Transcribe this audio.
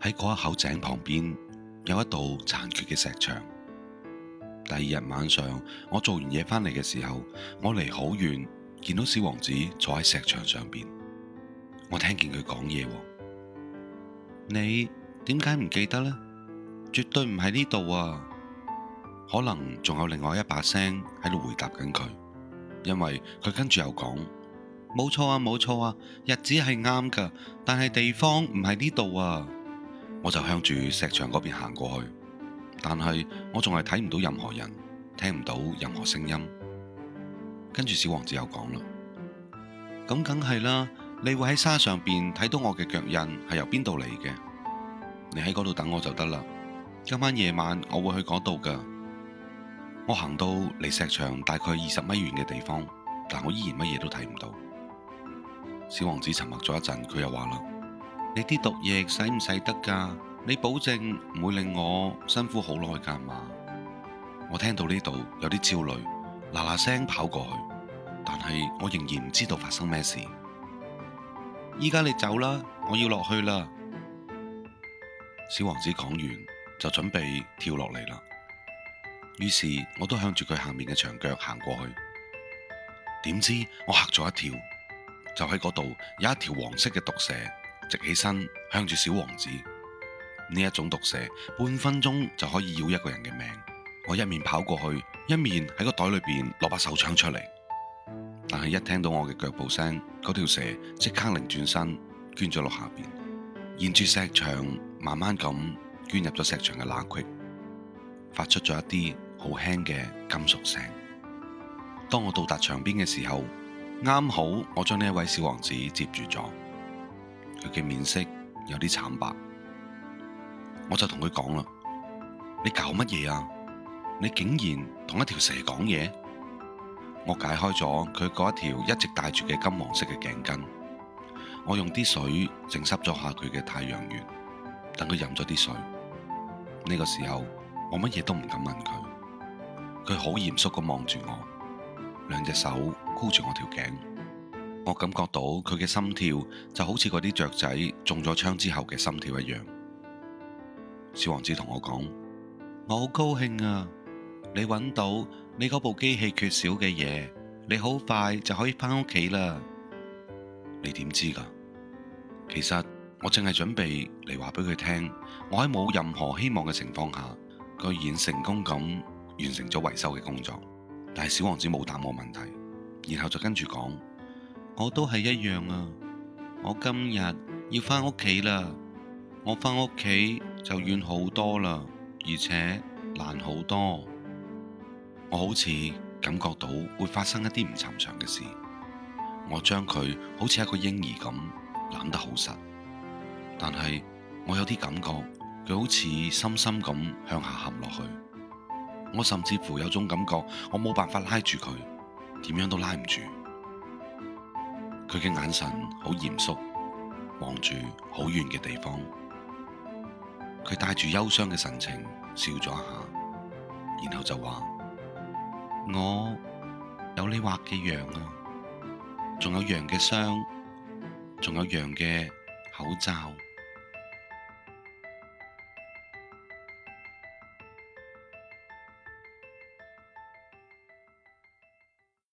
喺嗰一口井旁邊有一道殘缺嘅石牆。第二日晚上，我做完嘢翻嚟嘅時候，我離好遠，見到小王子坐喺石牆上面。我聽見佢講嘢，你點解唔記得呢？絕對唔喺呢度啊！可能仲有另外一把聲喺度回答緊佢，因為佢跟住又講冇錯啊，冇錯啊，日子係啱㗎，但係地方唔喺呢度啊。我就向住石牆嗰邊行過去，但係我仲係睇唔到任何人，聽唔到任何聲音。跟住小王子又講啦：咁梗係啦，你會喺沙上邊睇到我嘅腳印係由邊度嚟嘅？你喺嗰度等我就得啦。今晚夜晚我會去嗰度噶。我行到離石牆大概二十米遠嘅地方，但我依然乜嘢都睇唔到。小王子沉默咗一陣，佢又話啦。你啲毒液使唔使得噶？你保證唔會令我辛苦好耐噶嘛？我聽到呢度有啲焦慮，嗱嗱聲跑過去，但係我仍然唔知道發生咩事。依家你走啦，我要落去啦。小王子講完就準備跳落嚟啦。於是我都向住佢下面嘅牆腳行過去，點知我吓咗一跳，就喺嗰度有一條黃色嘅毒蛇。直起身向住小王子。呢一種毒蛇半分鐘就可以要一個人嘅命。我一面跑過去，一面喺個袋裏邊攞把手槍出嚟。但係一聽到我嘅腳步聲，嗰條蛇即刻擰轉身，捐咗落下邊，沿住石牆慢慢咁鑽入咗石牆嘅罅隙，發出咗一啲好輕嘅金屬聲。當我到達牆邊嘅時候，啱好我將呢一位小王子接住咗。佢嘅面色有啲慘白，我就同佢講啦：你搞乜嘢啊？你竟然同一條蛇講嘢！我解開咗佢嗰一條一直戴住嘅金黃色嘅頸巾，我用啲水整濕咗下佢嘅太陽穴，等佢飲咗啲水。呢個時候我乜嘢都唔敢問佢，佢好嚴肅咁望住我，兩隻手箍住我條頸。我感覺到佢嘅心跳就好似嗰啲雀仔中咗槍之後嘅心跳一樣。小王子同我講：我好高興啊！你揾到你嗰部機器缺少嘅嘢，你好快就可以翻屋企啦。你點知噶？其實我淨係準備嚟話俾佢聽，我喺冇任何希望嘅情況下，居然成功咁完成咗維修嘅工作。但係小王子冇答我問題，然後就跟住講。我都係一樣啊！我今日要翻屋企啦，我翻屋企就遠好多啦，而且難好多。我好似感覺到會發生一啲唔尋常嘅事。我將佢好似一個嬰兒咁攬得好實，但係我有啲感覺佢好似深深咁向下陷落去。我甚至乎有種感覺，我冇辦法拉住佢，點樣都拉唔住。佢嘅眼神好嚴肅，望住好遠嘅地方。佢帶住憂傷嘅神情笑咗一下，然後就話：我有你畫嘅羊啊，仲有羊嘅箱，仲有羊嘅口罩。